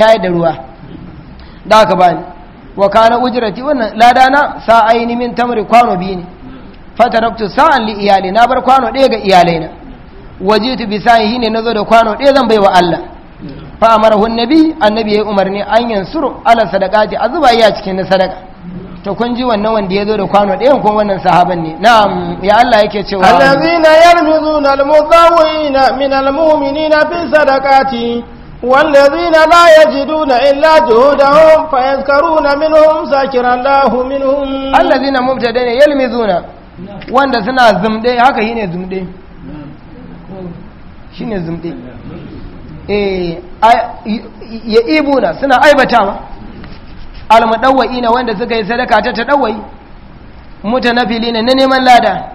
Yayi da ruwa da aka bani wa kana ujrati wannan ladana sa'aini min tamri kwano biyu ne fataraktu sa'an li iyali na bar kwano ɗaya ga iyalaina wajitu bi sa'ihi ne nazo da kwano ɗaya zan baiwa Allah fa amarahu nabi annabi yayi umarni an yansuru ala a zuba iya cikin na sadaka to kun ji wannan wanda ya zo da kwano ɗayan kun wannan sahaban ne na'am ya Allah yake cewa allazina yarmizuna almutawina min almu'minina fi sadaqati والذين لا يجدون إلا جهودهم فيذكرون منهم ساكرا الله منهم الذين مبتدين يلمزون wanda suna zumde haka shine zumde shine zumde eh ya ibuna suna aibatawa almudawwaina wanda suka yi sadaka ta tadawwai mutanafilina na neman lada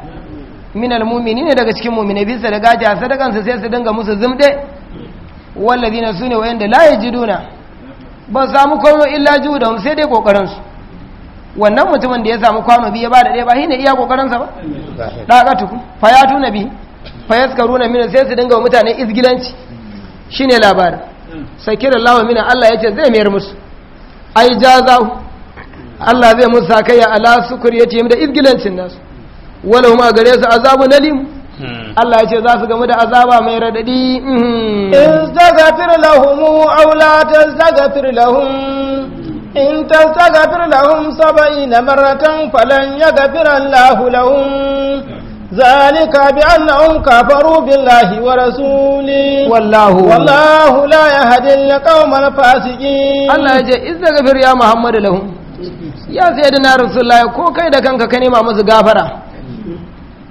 min ne daga cikin mu'minai bisa da gaja sadakan su sai su dinga musu zumde walladina su ne wayanda la yajiduna ba samu kwano illa juhudahum sai dai kokarin su wannan mutumin da ya samu kwano biyu ba da ɗaya ba shi ne iya kokarin sa ba daga tuku fa ya tuna bi fa yaskaruna min sai su dinga mutane izgilanci shine labarin sakira lawa mina Allah ce zai mayar musu ai jaza Allah zai musu ya ala sukur yace mu da izgilancin nasu wala huma gare su azabu na nalim Allah ya ce za su gamu da azaba mai radadi in zagafir lahum aw la tazagafir lahum in tazagafir lahum sab'ina maratan falan yaghfir Allah lahum zalika bi annahum kafaru billahi wa rasuli wallahu wallahu la yahdi al-qawma al-fasiqin Allah ya ce in zagafir ya Muhammad lahum ya sayyidina rasulullah ko kai da kanka ka nema musu gafara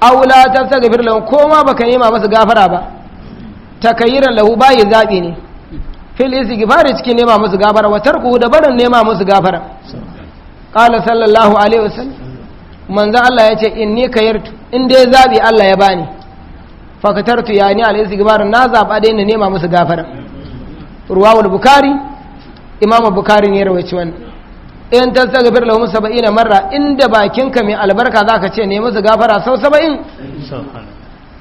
aula ta tsagafir lahu ko ma baka yi ma masa gafara ba ta takayiran lahu bayi zaɓi ne fil istighfari cikin nema musu gafara wa tarku da barin nema musu gafara qala sallallahu alaihi wasallam manzo Allah yace inni kayartu in dai zabi Allah ya bani fakatartu yani al istighfar na zaba dai nema musu gafara ruwa al bukhari imamu bukhari ne rawaci wannan in tastaghfir lahum saba'ina marra inda bakinka mai albarka zaka ce ne musu gafara sau 70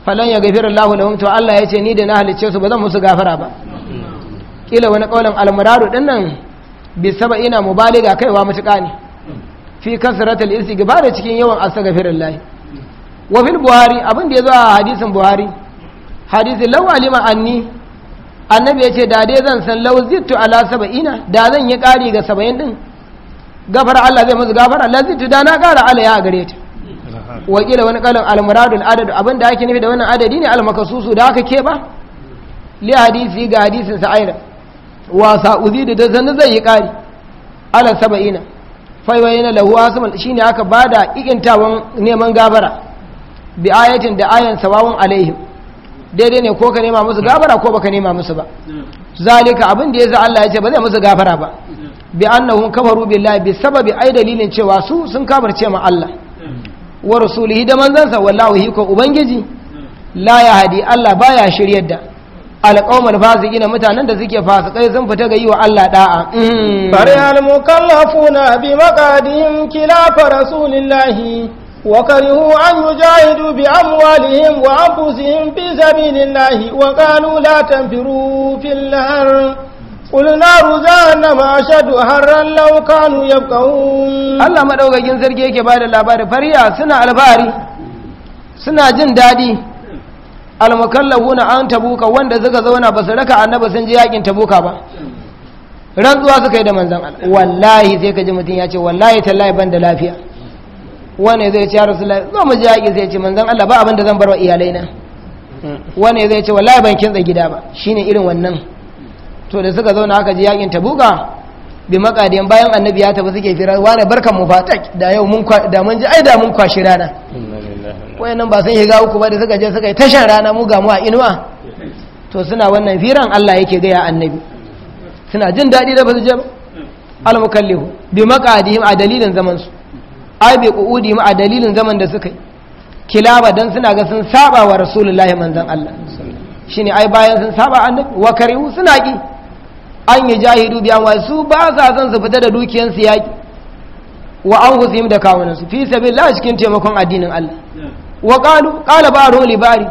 falan ya gafira Allah lahum to Allah ya ce ni da na halice su ba zan musu gafara ba kila wani kaulan almuraru din nan bi 70 mubaliga kaiwa mutuka ne fi kasratil istighfar cikin yawan astaghfirullah wa fil buhari abin da ya yazo a hadisin buhari hadisi law alima anni annabi yace da dai zan san law zittu ala saba'ina da zan yi kari ga 70 din gafara Allah zai musu gafara lazi tuda na kara alaya a gare ta wakila wani kalan almuradun adad abin da ake nufi da wannan adadi ne almakasusu da aka ke ba? li hadisi ga hadisin sa'ira wa uzi da da zan zai yi kari ala saba'ina faiwayina lahu asmal shine aka bada ikintawan neman gafara bi ayatin da ayan sawawun alaihim daidai ne ko ka nema musu gafara ko baka nema musu ba zalika abin da yasa Allah ya ce ba zai musu gafara ba bi annahum kafaru billahi bi sababi ai dalilin cewa su sun kafirce ma Allah wa rasulihi da manzansa wallahu hi ko ubangiji la ya hadi Allah baya shiryar da alƙawmar fasikina mutanen da suke fasikai sun fita ga yi wa Allah da'a. Bari mm. al-mukallafuna bi maqadihim khilafa rasulillahi wa karihu an yujahidu bi amwalihim wa anfusihim fi sabilillahi wa qalu la tanfiru fil har قل نار جهنم أشد حرا لو كانوا يبقون الله مدوغاكين سركي yake bada labari fariya suna albari suna jin dadi almukallafuna an tabuka wanda suka zauna ba su raka annabi sun ji yakin tabuka ba rantsuwa suka yi da manzan Allah wallahi sai ka ji mutum ya ce wallahi tallahi ban da lafiya wane zai ce ya rasulullah zo mu ji yaƙi sai ce manzan Allah ba abin da zan bar wa iyalai na wane zai ce wallahi ban kintsa gida ba shine irin wannan to da suka zauna aka ji yakin tabuka bi makadin bayan annabi ya tafi suke fira wani barkan mu fatak da yau mun da mun ji ai da mun kwashi rana wayannan ba sun shiga uku ba da suka je suka yi tashan rana mu ga mu a inuwa to suna wannan firan Allah yake ga ya annabi suna jin daɗi da ba su je ba al-mukallihu bi makadihim a dalilin zaman su ai bi qu'udi ma a dalilin zaman da suka yi kilaba dan suna ga sun saba wa rasulullahi manzon Allah shine ai bayan sun saba annabi wa karihu suna ki an yi jahidu biyan wa su ba sa son su fita da dukiyansu yaƙi wa an husim da kawunansu fi la cikin taimakon addinin Allah wa qalu qala ba'ru li bari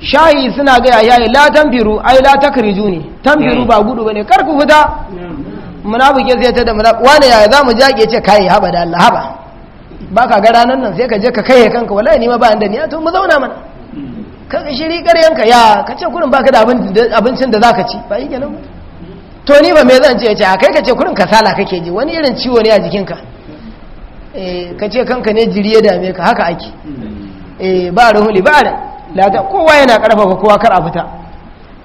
shayi suna ga yayi la tanfiru ai la takriju ne tanfiru ba gudu bane kar ku fita munafiki sai ta da munafiki wani yaya mu jage ce kai haba da Allah haba baka ga ranan nan sai ka je ka kai kanka wallahi ni ma ba inda ni to mu zauna mana mm. ka shiri ƙaryanka ya ka ce kurin baka da abincin da zaka ci ba yi kenan to ni ba me zan ce ce kai ka ce kurin kasala kake ji wani irin ciwo ne a jikinka eh, ka ce kanka ne jiri ya dame ka haka ake eh, ba ruhuli ba da lata kowa yana karfafa kowa kar a fita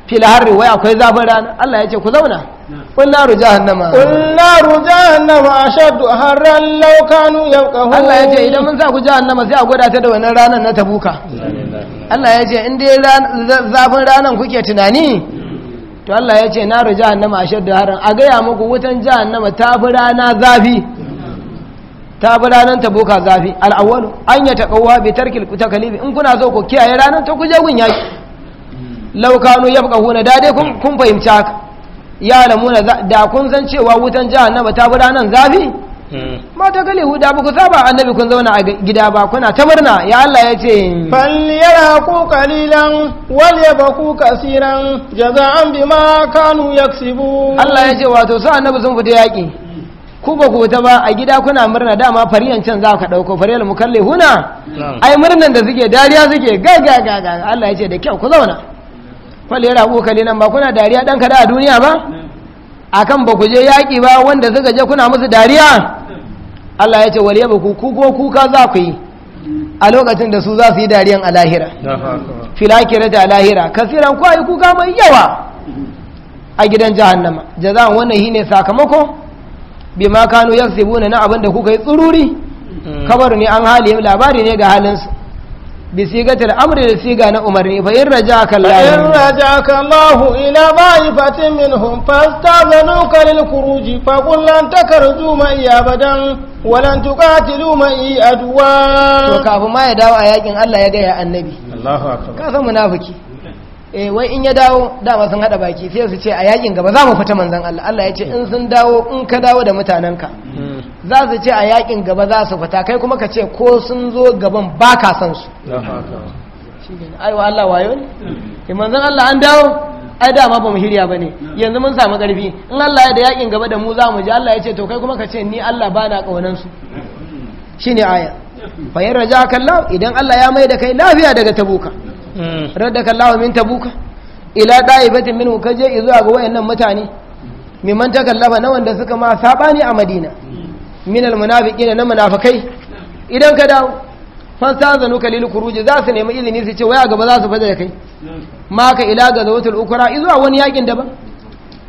fil harri wai akwai zafin rana Allah ya ce ku zauna qul naru jahannama qul naru jahannama ashaddu harran law kanu yaqahu Allah ya ce idan mun sa ku jahannama sai a gwada ta da wannan ranar na tabuka Allah ya ce in dai zafin ranar kuke tunani to Allah ya ce na ru jahannama a shadda harin a gaya muku wutan jahannama ta fi rana zafi ta fi ranar ta boka zafi al'awwalu an ta kawo bi tarki ta kalibi in kuna so ku kiyaye ranar ta ku je gun yaki laukanu ya buka huna dade kun fahimci haka ya lamuna da kun san cewa wutan jahannama ta fi ranar zafi Hmm. mata gal yahuda ba ku saba annabi kun zauna a gida ba kuna ta murna ya Allah ya ce fal yaraku qalilan wal yabku an jaza'an bima kanu yaksibu. Allah ya ce wato su annabi sun fita yaki ku ba ku ta ba a gida kuna murna dama fariyan can za ka ɗauko fariyar mu kalle huna hmm. ai murnan da suke dariya suke ga ga ga ga Allah ya ce da kyau ku zauna falle ku kalilan ba kuna dariya dan kada a duniya ba akan ba ku je yaƙi ba wanda suka je kuna musu dariya Allah ya ce waliyabu ku ko kuka za ku yi a lokacin da su za su yi dariyan a lahira filakira da lahira kasiran kwayi kuka mai yawa a gidan jahannama jazan wannan shine sakamako bi ma kanu yasibuna na abin da kuka yi tsururi hmm. kabar ne an hali labari ne ga halin بصيغة الأمر لصيغة أمرني فإن رجعك الله فإن رجعك الله إلى طائفة منهم فاستأذنوك للخروج فقل لن تخرجوا معي أبدا ولن تقاتلوا معي عدوا وكاف ما يدعو آيات الله يدعي النبي الله أكبر كاف منافقي eh wai in ya dawo dama sun hada baki sai su ce a yakin gaba za mu fita manzon Allah Allah ya ce in sun dawo in ka dawo da mutanenka za su ce a yakin gaba za su fita kai kuma ka ce ko sun zo gaban ba ka san su ai wa Allah wayo ne mm. eh, manzon Allah an dawo ai dama ba mu hirya bane yanzu mun samu karfi in Allah ya da yakin gaba da mu za mu ji Allah ya ce to kai kuma ka ce ni Allah ba na kaunan su shine aya fa yarja rajaka idan Allah ya mai da kai lafiya daga tabuka Mm. radda kallahu min tabuka ila da'ibatin minhu kaje zuwa ga wayannan mutane mimman takallafa na wanda suka ma sabani a madina min almunafiqin na munafikai idan ka dawo fan zanu kalil khuruj za su nemi izini su ce waya gaba za su fada da kai mm. maka ila ga zawatul ukra zuwa wani yakin daban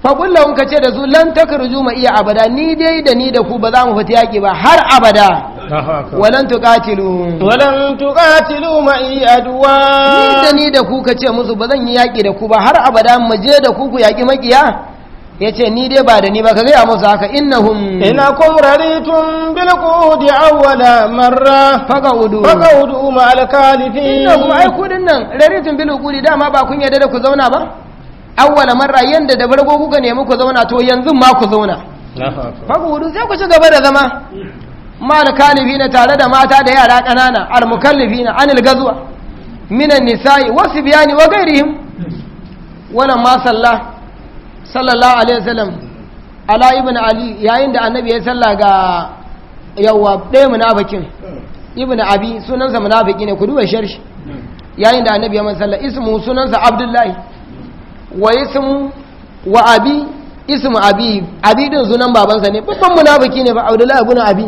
faƙullahun ka ce da su lan takarju ma iya abada ni dai da ni da ku ba za mu fita yaƙi ba har abada walan tuqatilu walan tuqatilu ma iya aduwa ni da ni da ku ka ce musu ba zan yi yaƙi da ku ba har abada mu je da ku ku yaƙi maƙiya ya ce ni dai ba da ni ba ka gaya musu haka innahum ina kun raritun bil qudi awwala marra faga udu faga udu ma al kalifin innahum ai kudin nan raritun bil qudi dama ba kun yadda da ku zauna ba awwala marra yanda da bargo kuka nemi ku zauna to yanzu ma ku zauna ku wudu sai ku ci gaba da zama mal kalifina tare da mata da yara ƙanana al mukallifina anil gazwa minan nisa'i wasu sibyani wa ghairihim wannan ma salla sallallahu alaihi wasallam ala ibn ali yayin da annabi ya salla ga yawa ɗaya munafikin ibn abi sunansa munafiki ne ku duba sharshi yayin da annabi ya man sallah ismu sunansa abdullahi wa ism wa abi ism abi abi din sunan babansa ne babban munafiki ne ba abdullahi ibn abi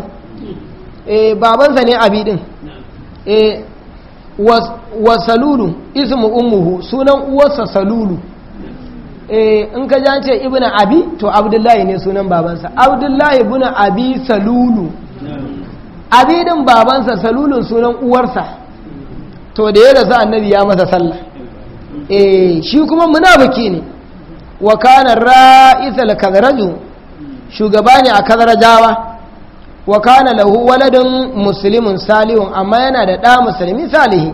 eh babansa ne abi din eh wa salulu ism ummuhu sunan uwarsa salulu eh in ka ji ce ibn abi to abdullahi ne sunan babansa abdullahi ibn abi salulu abi din babansa salulun sunan uwarsa to da ya rasu annabi ya masa sallah Eh, shi kuma baki ne wa kana ra'ithal kadraju shugaba ne a kadrajawa wa kana lahu waladun muslimun salihun amma yana da ɗa musulmi salihi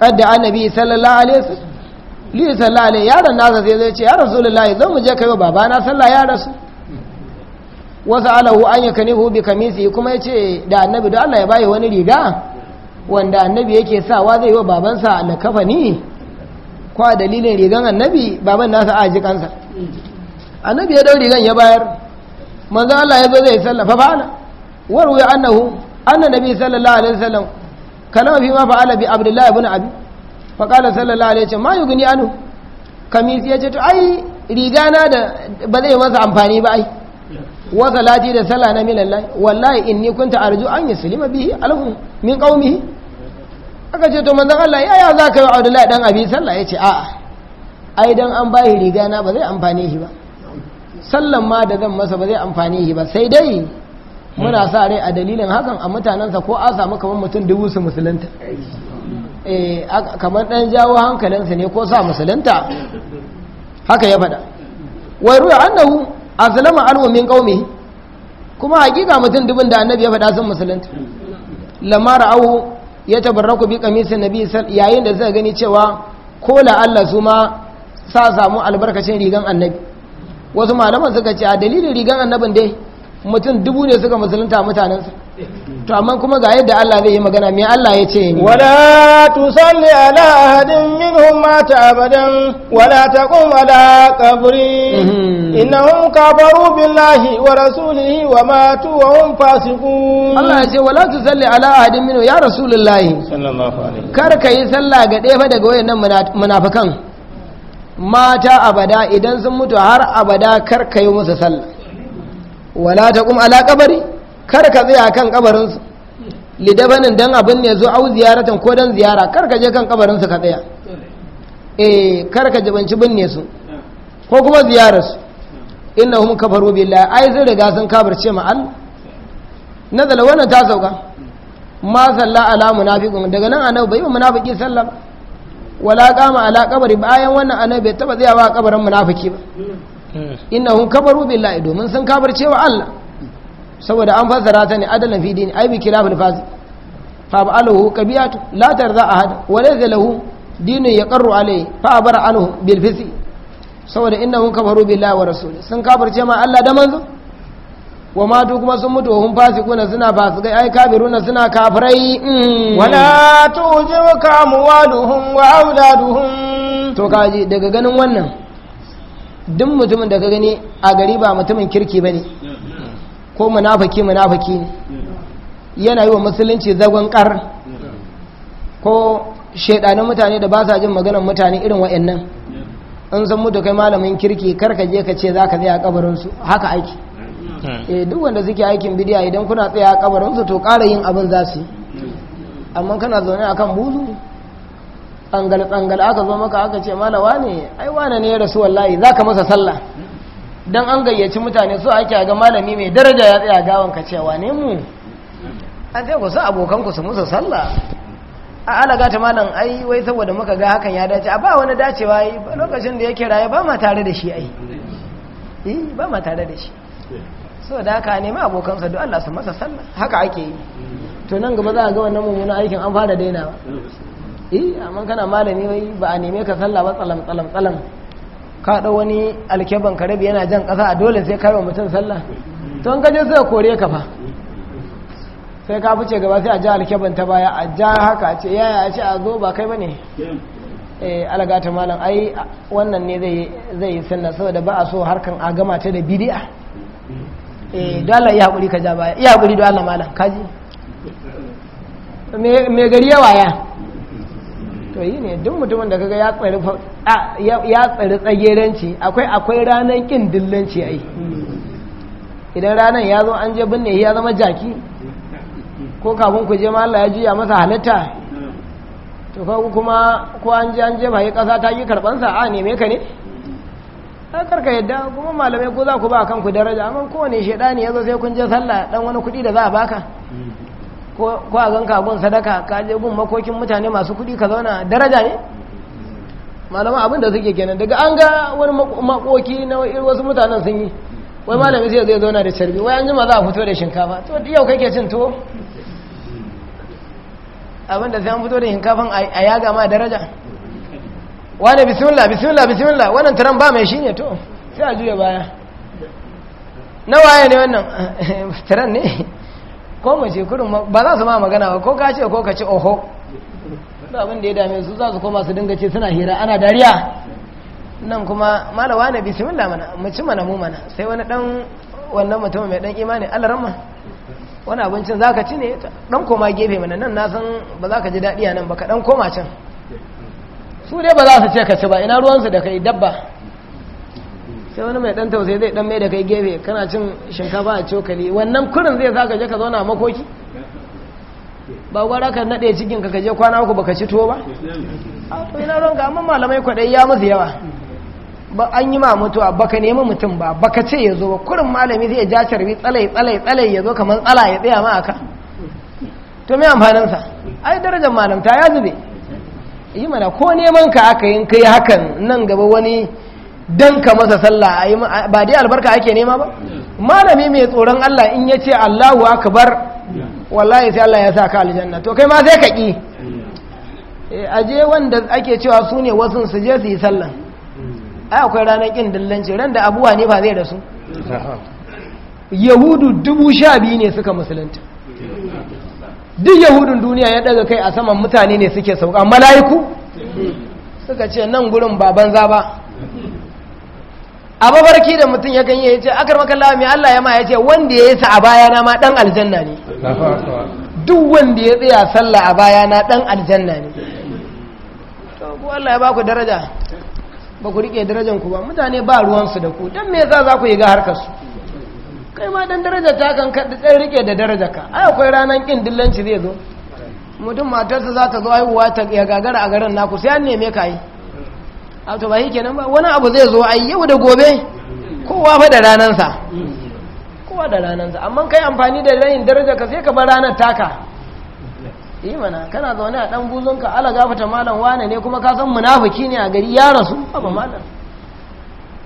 kadda annabi sallallahu alaihi wasallam li sallallahu alaihi yaron nasa sai zai ce ya rasulullahi zan mu je kai baba na sallah ya rasu wasu alahu an ya kanihu bi kamisi kuma ya ce da annabi da Allah ya bayi wani riga wanda annabi yake sawa zai yi wa babansa alkafani ni kwa dalilin rigan annabi baban nasa a ji kansa annabi ya dau rigan ya bayar manzo Allah ya zo zai sallafa fa'ala warwi annahu anna nabi sallallahu alaihi wasallam kalama fi ma fa'ala bi abdullahi ibn abi fa qala sallallahu alaihi wasallam ma yugni anu kamis ya ce to ai rigana da ba zai masa amfani ba ai wa salati da sallah na minallahi wallahi inni kunta arju an yuslima bihi alhum min qaumihi aka ce to manzan Allah yaya za ka yi Abdullahi dan Abi sallah ya ce a'a ai dan an bayi riga na ba zai amfane shi ba sallan ma da zan masa ba zai amfane shi ba sai dai muna sa rai a dalilin hakan a mutanansa ko a samu kamar mutum dubu su musulunta eh, kamar ɗan jawo hankalinsa ne ko sa musulunta haka ya faɗa wai ruwa annahu aslama alwamin qaumi kuma hakika mutum dubin da annabi ya faɗa sun musulunta lamara au ya ku bi kamisin nabi yayin da zai gani cewa ko la Allah su ma sa samu albarkacin rigan annabi wasu malaman suka ce a dalilin rigan annabin dai mutum dubu ne suka musulunta mutanensa to amma kuma ga yadda Allah zai yi magana me Allah ya ce ni wala tusalli ala ahadin minhum mata abadan wala taqum ala qabri mhm. innahum kafaru billahi wa rasulihi wa matu wa hum fasiqun Allah ya ce wala tusalli ala ahadin minhu ya rasulullahi sallallahu yi sallah ga ɗaya daga wayannan munafikan mata abada idan sun mutu har abada kar ka yi musu sallah wala taqum ala qabri kar ka tsaya kan kabarin su lidabanin abin ne au ziyaratan ko dan ziyara kar ka je kan kabarin ka tsaya eh kar ka jibanci binne su ko kuma ziyarar su inna innahum kafaru billahi ai zai riga sun ce ma Na nazala wannan ta sauka ma salla ala munafiqun daga nan annabi bai munafiki sallah ba wala qama ala qabri bayan wannan annabi bai taba tsayawa a kabarin munafiki ba Inna innahum kafaru billahi domin sun ce wa Allah saboda an fassara ta ne adalan fi dini ai bi kilafin fasi fa ba'aluhu qabiyatu la tarza ahad wa laysa lahu dinun yaqarru alayhi fa abara anhu bil fisi saboda inda hun kafaru billahi wa rasuli sun kafirce ma Allah da manzo wa matu kuma sun mutu hun kuna suna ga ai kafiruna suna kafirai mm. wala tujuka amwaluhum wa auladuhum to kaji daga ganin wannan duk mutumin da ka gani a gari ba mutumin kirki bane ko munafiki munafiki ne yana yi wa musulunci zagon kar ko shaidanin mutane da ba sa jin maganar mutane irin wa'annan in san mutu kai malamin kirki kar ka je ka ce za ka tsaya a kabarinsu haka aiki hmm. eh, duk wanda suke aikin bidiya idan kuna tsaya a kabarinsu to kara yin abin za su amma kana zaune a kan buzu tsangal tsangal aka zo maka aka ce malawa ne ai wane ne ya rasu wallahi za ka masa sallah Don an gayyaci mutane su ake ga malami mai daraja ya tsaya gawon ka cewa ne mu an ku sa abokan su musa sallah a alaga ta malam ai wai saboda muka ga hakan ya dace a ba wani dacewa yi lokacin da yake raye ba ma tare da shi ai eh, ba ma tare da shi so da haka nema abokansa duk Allah su masa sallah haka ake yi to nan gaba za a ga wannan mummunan aikin an fara daina ba eh amma kana malami wai ba a neme ka sallah ba tsalam tsalam tsalam ka dau wani alkeban karabi yana jan kasa a dole sai kai wa mutum sallah to an kaje sai kore ka fa sai ka fice gaba sai a ja alkeban ta baya a ja haka ce yaya a ce a zo ba kai ba ne a eh, alagata malam ai wannan ne zai yi sannan saboda ba a so harkan a gama ta da bidi'a eh, dole iya haƙuri ka ja baya iya haƙuri dole malam kaji mai gari yawa ya to yi ne duk mutumin da kaga ya tsari ya tsari tsageranci akwai akwai ranar kin dillanci ai idan ranar ya zo an je binne ya zama jaki ko kafin ku je ma Allah ya juya masa halitta to ku kuma ko an je an je bai yi ta yi sa a neme ka ne ka karka yadda kuma malamai ko za ku ba kanku daraja amma kowane ne ya zo sai kun je sallah dan wani kuɗi da za a baka ko a ganka gun sadaka ka je gun makokin mutane masu kuɗi ka zauna daraja ne malama abin da suke kenan daga an ga wani makoki na wasu mutanen sun yi wai malami sai zai zauna da sharbi wai an ma za a fito da shinkafa to yau kake cin tuwo abinda sai an fito da hinkafin a yaga ma daraja wane bismillah bismillah bismillah wannan turan ba mai shine to sai a juya baya na waye ne wannan turan ne ko mace kurin ba za su ma magana ba ko ka ce ko ka ce oho da abin da ya dame su za su koma su dinga ce suna hira ana dariya nan kuma malawa na bismillah mana mace mana mu mana sai wani dan wannan mutum mai dan imani Allah rahma wani abincin za ka ci ne ɗan koma gefe mana nan na san ba za ka ji daɗi a nan ba ka ɗan koma can su dai ba za su ce ka ci ba ina ruwansu da kai dabba sai wani mai ɗan tausayi zai ɗan mai da kai gefe kana cin shinkafa a cokali wannan kurin zai za ka je ka zauna makoki ba gwara ka naɗe cikin ka je kwana uku ba ka ci tuwo ba a ina ruwanka amma malamai kwaɗayi ya musu yawa an yi ma mutuwa baka nemi mutum ba baka ce ya zo ba kurin malami zai ja carbi tsalai tsalai tsalai ya zo kamar tsala ya tsaya ma aka to mai amfaninsa ai darajar malamta ya zube yi mana ko neman ka aka yin kai hakan nan gaba wani dan ka masa sallah ba dai albarka ake nema ba malami mai tsoron Allah in ya ce Allahu akbar wallahi sai Allah ya sa ka aljanna to kai ma sai ka ki eh, aje wanda ake cewa su ne wasu su je su yi ai akwai ranar ƙin dillanci ran da abuwa ne ba zai rasu yahudu dubu sha biyu ne suka musulunta duk yahudun duniya ya daga kai a saman mutane ne suke sauka mala'iku suka ce nan gurin banza ba a babarki da mutum ya ganye ya ce akar makalla mai Allah ya ma ya ce wanda ya yi sa a bayana ma dan aljanna ne duk wanda ya tsaya sallah a bayana dan aljanna ne Allah ya baku daraja ba ku riƙe darajanku ba mutane ba ruwansu da ku don me za za ku yi ga harkarsu kai ma dan daraja ta kan kaɗi ɗan riƙe da daraja ka ai akwai ranar ƙin dillanci zai zo mutum matarsa za ta zo haihuwa ta ya gagara a garin naku sai an neme ka yi a to ba shi kenan ba wani abu zai zo ai yau da gobe kowa fa da ranansa kowa da ranansa amma kai amfani da rayin daraja ka sai ka bar ranar taka yi eh kana zaune a ɗan buzonka ala gafata malam wane ne kuma ka san munafiki ne a gari ya rasu ba malam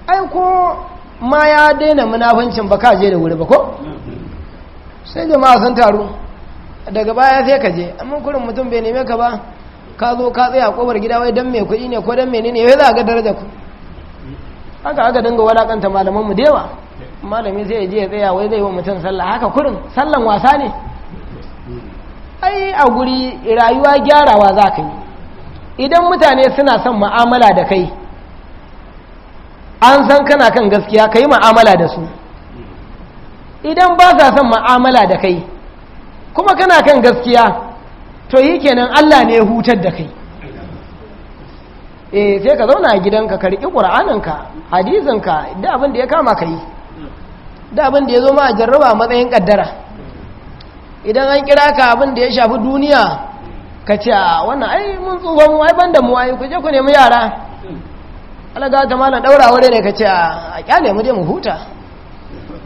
ai ko ma ya daina munafincin ba ka je da wuri ba ko sai jama'a sun taru daga baya sai ka je amma kurin mutum bai neme ka ba ka zo ka tsaya kobar gida wai dan mai kuɗi ne ko dan mai ne wai za ga daraja ku haka aka dinga walakanta malaman mu dewa malami sai ya je ya tsaya wai zai yi wa mutum sallah haka kurin sallan wasa ne ai a guri rayuwa gyarawa za ka yi idan mutane suna son ma'amala da kai an san kana kan gaskiya ka yi ma'amala da su idan ba sa son ma'amala da kai kuma kana kan gaskiya to yi kenan allah ne hutar da kai eh sai ka zauna a gidanka ka riƙi ƙura'aninka hadizinka da abin da ya kama ka yi da abin da ya zo ma a jarraba matsayin ƙaddara idan an kira ka abin da ya shafi duniya ka ce a ah, wannan ai mun tsohon mu ai banda mu ai kuje ku nemi yara alaga ta malam daura wuri ne ka ce ah, a kyale mu je mu huta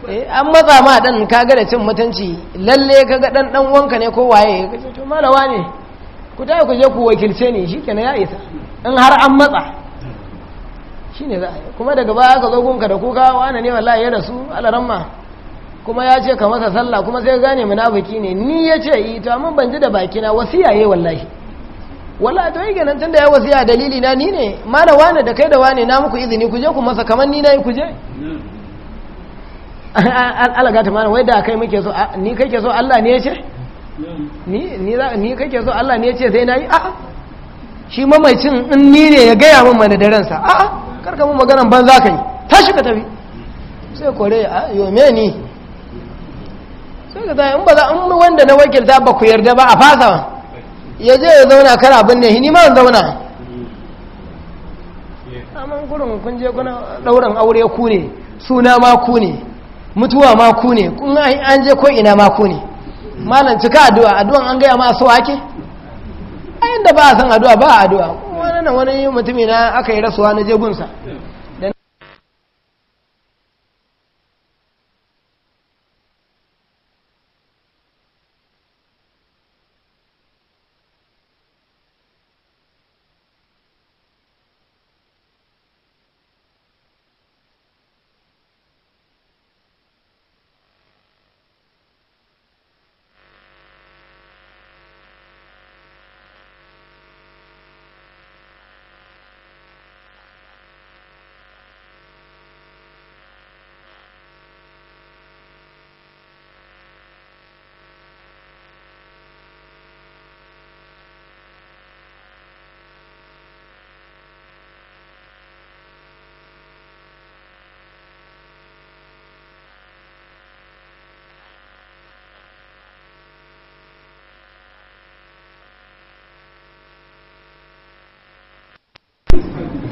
eh, an matsa ma dan kaga da cin mutunci lalle kaga dan dan wanka ne ko waye ka ce to malawa ne ku tayi ku je ku wakilce ni shikenan ya isa in har an matsa shine za kuma daga baya ka zo gunka da kuka wani ne wallahi ya rasu alaramma kuma ya ce ka masa sallah kuma sai gane munafiki ne ni ya ce yi to amma ban ji da bakina wasiya yayi wallahi wallahi to yake nan tunda ya wasiya dalili na ni ne ma da wane da kai da wane na muku izini ku je ku masa kamar ni nayi ku je alaga ta mana wai da kai muke so ni kake so Allah ne ya ce ni ni ni kake so Allah ne ya ce sai nayi a'a shi mamacin in ni ne ya gaya min mana da ransa kar karka mu maganan banza kai tashi ka tafi sai kore a yo me ni sai ga in ba za in wanda na wakilta ba ku yarda ba a fasa ya je ya zauna kana abin ne ni ma zauna amma gurin kun je kuna dauran aure ku ne suna ma ku ne mutuwa ma ku ne kun an je ko ina ma ku ne malam cika addu'a addu'an an gaya ma so ake ayin da ba a san addu'a ba a addu'a wani nan wani mutumi na aka yi rasuwa na je gunsa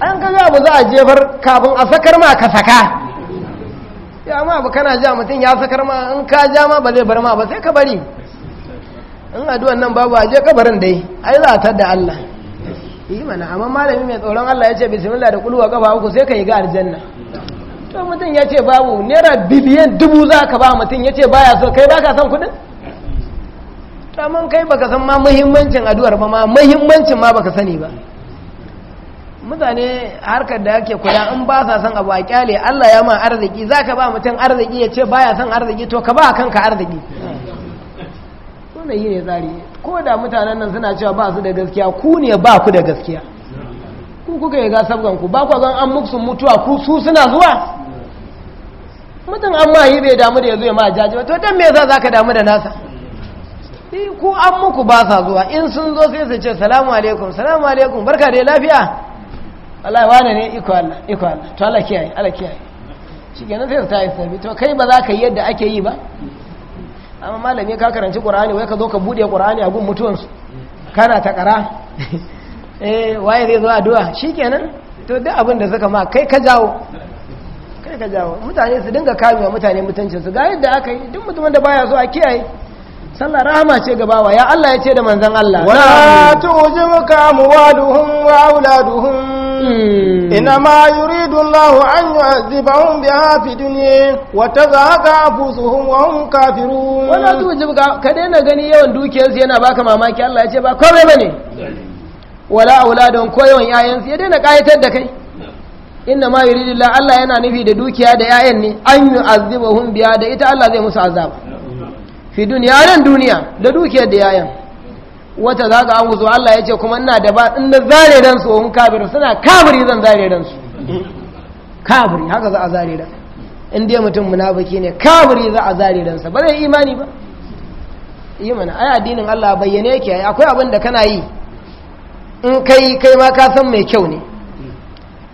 an ka abu za a jefar kafin a sakar ma ka saka ya ma abu kana ja mutum ya sakar ma in ka ja ma ba zai bar ma ba sai ka bari in addu'an nan babu a je kabarin dai ai za a tadda Allah yi mana amma malami mai tsoron Allah ya ce bismillah da kulwa gaba uku sai ka yi ga aljanna to mutum ya ce babu naira biliyan dubu za ka ba mutum ya ce baya so kai baka son kudin to amma kai baka san ma muhimmancin aduwar ba ma muhimmancin ma baka sani ba mutane harkar da ake kula in ba sa son abu a kyale Allah ya ma arziki za ka ba mutum arziki ya ce baya son arziki to ka ba kanka arziki wannan yi ne tsari ko da mutanen nan suna cewa ba su da gaskiya ku ne ba ku da gaskiya ku kuka yi gasar ganku ba kwa zan an muksun mutuwa ku su suna zuwa mutum an ma yi bai damu da ya zo ya ma jaji to dan me yasa za ka damu da nasa ku an muku ba sa zuwa in sun zo sai su ce salamu alaikum salamu alaikum barka da lafiya Allah wane ne iko Allah iko Allah to Allah kiyaye Allah kiyaye shikenan sai ta yi sabi to kai ba za ka yi yadda ake yi ba amma malami ka karanci qur'ani wai ka zo ka bude qur'ani a gun mutuwan su kana ta kara eh waye zai zo addu'a shikenan to duk abin da suka ma kai ka jawo kai ka jawo mutane su dinga kamewa mutane mutuncin su ga yadda aka yi duk mutumin da baya so a kiyaye sallah rahama ce ga bawa ya Allah ya ce da manzon Allah wala tu'jibuka amwaluhum wa auladuhum إنما يريد الله أن يعذبهم بها في الدنيا وتزهق أنفسهم وهم كافرون ولا توجب كدينا غني يوان دوكيان باك ما ماكي الله يجب كومي بني ولا أولادهم كوي وان يأيان سيدينا قاية الدكي إنما يريد الله الله ينا نفي دوكيا دا يأيان أن يعذبهم بها دا إتا الله زي مسعذاب في دنيا دنيا دا دوكيا دا يأيان wata za ka zuwa Allah ya ce kuma ina da ba inda zare don su ohun kabir suna kabiri zan zare don su kabiri haka za a zare don in dai mutum munafiki ne kabiri za a zare don sa ba zai imani ba yi mana ai addinin Allah bayyane yake akwai abin da kana yi in kai kai ma ka san mai kyau ne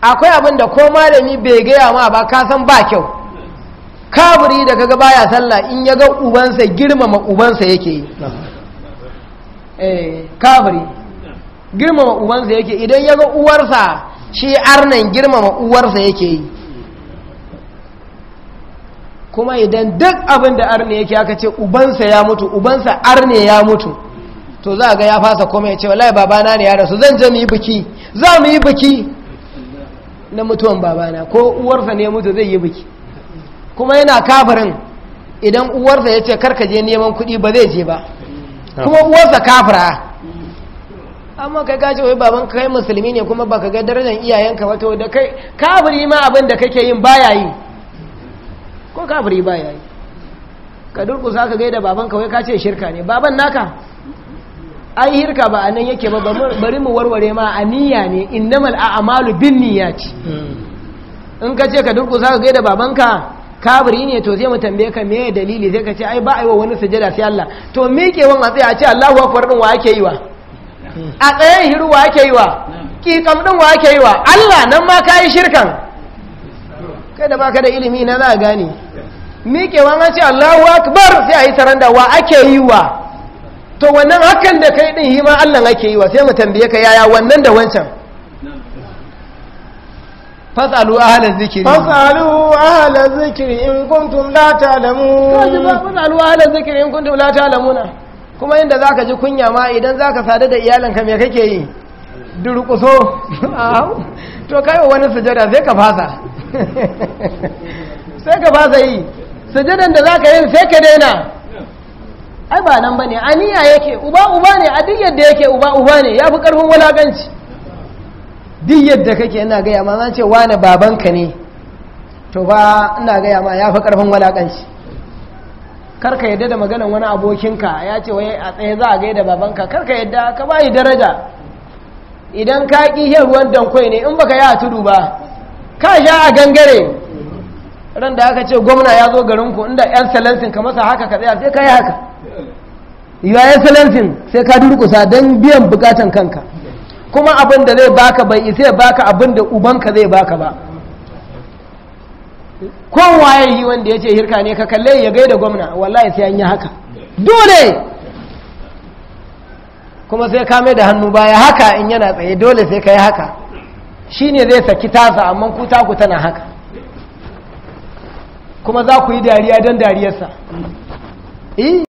akwai abin da ko malami bai gaya ma ba ka san ba kyau kabiri da kaga baya sallah in ya ga ubansa girmama ubansa yake yi Eh, kafiri girmama ubansa yake idan ya uwarsa shi arnan girmama uwarsa yake yi kuma idan duk abin da arne yake aka ce ubansa ya mutu ubansa arne ya mutu to za a ga ya fasa kuma ya ce wallahi babana ne ya rasu zan je mu biki za mu yi biki na mutuwan babana ko uwarsa ne mutu zai yi biki kuma yana kafirin idan uwarsa ya ce karka je neman kuɗi ba zai je ba kuma uwarsa kafira amma kai gaji wai baban kai musulmi ne kuma baka ga darajar iyayenka wato da kai kafiri ma abin da kake yin baya yi ko kafiri baya yi ka durkusa ka gaida baban ka wai ka ce shirka ne baban naka ai hirka ba anan yake ba bari mu warware ma aniya ne innamal a'malu binniyati hmm. in ka ce ka durkusa ka gaida babanka kabiri ne to zai mu tambaye ka meye dalili zai ka ce ai ba a yi wa wani sujada sai Allah to miƙewan wani tsaye a ce Allahu akbar din wa ake yi wa a tsayen hiru wa ake yi wa kikam din wa ake yi wa Allah nan ma kai shirkan kai da baka da ilimi na za gane miƙewan wani ce Allahu akbar sai a yi saranda wa ake yi wa to wannan hakan da kai din yi ma Allah ake yi wa sai mu tambaye ka yaya wannan da wancan fasalu ahalar zikiri fasalu ahalar zikiri in kuntum la ta'lamu fasalu ahalar zikiri in kuntum la ta'lamuna kuma inda ka ji kunya ma idan za ka sadu da iyalinka me kake yi durkuso to kai wani sujada sai ka fasa sai ka fasa yi sujadan da za ka yi sai ka daina ai ba nan ba ne, aniya yake uba uba ne a duk yadda yake uba uba ne ya yafi karfin wulaganci duk yadda kake ina gaya ma zan ce wani babanka ne to ba ina gaya ma ya fi karfin walakanci karka yadda da maganan wani abokinka ya ce wai a tsaye za a gaida babanka karka yadda ka bayi daraja idan ka ƙi yin ruwan dankwai ne in baka yi a tudu ba ka sha a gangare ran da aka ce gwamna ya zo garinku inda yan salansin ka masa haka ka tsaya sai ka yi haka wa yan salansin sai ka durkusa don biyan bukatan kanka kuma abin da zai baka bai isa ya baka abin da ubanka zai baka ba kowa ya yi wanda ya ce hirka ne ka kalle ya gaida gwamna wallahi sai an yi haka dole kuma sai ka mai da hannu baya haka in yana tsaye dole sai ka yi haka shi ne zai saki tasa amma ku taku tana haka kuma za ku yi dariya don dariyarsa eh?